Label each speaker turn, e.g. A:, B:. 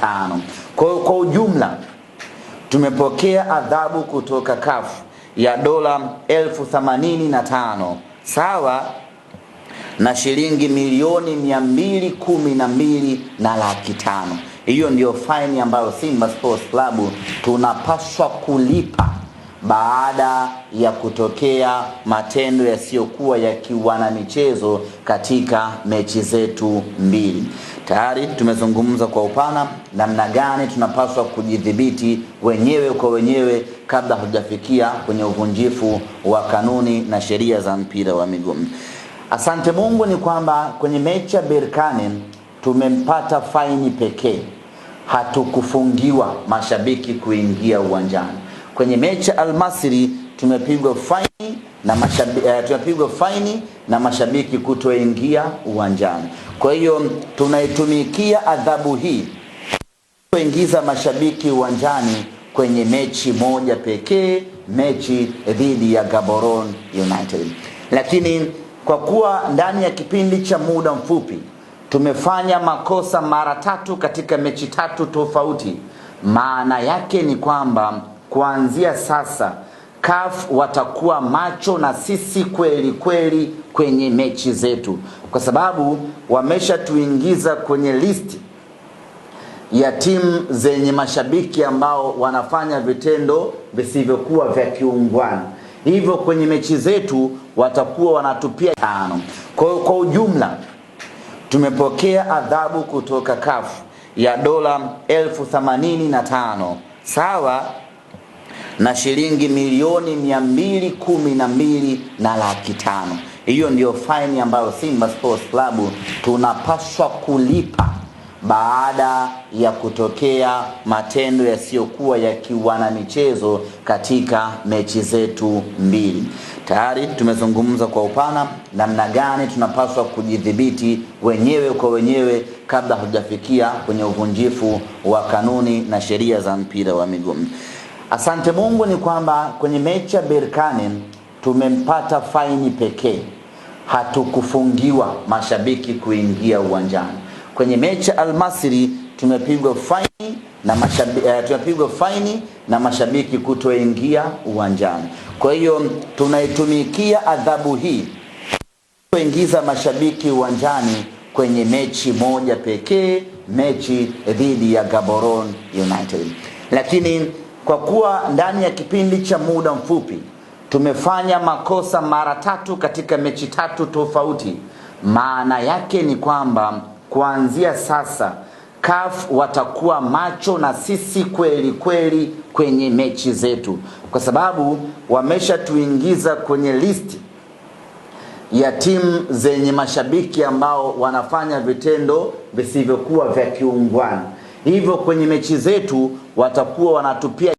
A: tano. Kwa hiyo kwa ujumla tumepokea adhabu kutoka kafu ya dola elfu themanini na tano sawa na shilingi milioni mia mbili kumi na mbili na laki tano. Hiyo ndiyo faini ambayo Simba Sports Club tunapaswa kulipa baada ya kutokea matendo yasiyokuwa ya kiwanamichezo katika mechi zetu mbili. Tayari tumezungumza kwa upana namna gani tunapaswa kujidhibiti wenyewe kwa wenyewe kabla hatujafikia kwenye uvunjifu wa kanuni na sheria za mpira wa miguu. Asante Mungu ni kwamba kwenye mechi ya Berkane tumempata faini pekee, hatukufungiwa mashabiki kuingia uwanjani. Kwenye mechi ya Almasiri tumepigwa faini na mashabiki, uh, eh, tumepigwa faini na mashabiki kutoingia uwanjani. Kwa hiyo tunaitumikia adhabu hii kuingiza mashabiki uwanjani kwenye mechi moja pekee, mechi dhidi ya Gaborone United. Lakini kwa kuwa ndani ya kipindi cha muda mfupi tumefanya makosa mara tatu katika mechi tatu tofauti, maana yake ni kwamba kuanzia sasa CAF watakuwa macho na sisi kweli kweli kwenye mechi zetu, kwa sababu wameshatuingiza kwenye listi ya timu zenye mashabiki ambao wanafanya vitendo visivyokuwa vya kiungwana, hivyo kwenye mechi zetu watakuwa wanatupia tano. Kwa kwa ujumla tumepokea adhabu kutoka CAF ya dola elfu themanini na tano sawa na shilingi milioni mia mbili kumi na mbili na laki tano. Hiyo ndiyo faini ambayo Simba Sports Club tunapaswa kulipa baada ya kutokea matendo yasiyokuwa ya kiwana michezo katika mechi zetu mbili. Tayari tumezungumza kwa upana namna gani tunapaswa kujidhibiti wenyewe kwa wenyewe kabla hatujafikia kwenye uvunjifu wa kanuni na sheria za mpira wa miguu. Asante Mungu ni kwamba kwenye mechi ya Berkane tumempata faini pekee, hatukufungiwa mashabiki kuingia uwanjani. Kwenye mechi ya Almasiri tumepigwa faini na mashabiki, eh, tumepigwa faini na mashabiki kutoingia uwanjani. Kwa hiyo tunaitumikia adhabu hii kuingiza mashabiki uwanjani kwenye mechi moja pekee, mechi dhidi ya Gaborone United, lakini kwa kuwa ndani ya kipindi cha muda mfupi tumefanya makosa mara tatu katika mechi tatu tofauti, maana yake ni kwamba kuanzia sasa kaf watakuwa macho na sisi kweli kweli kwenye mechi zetu, kwa sababu wameshatuingiza kwenye listi ya timu zenye mashabiki ambao wanafanya vitendo visivyokuwa vya kiungwana. Hivyo kwenye mechi zetu watakuwa wanatupia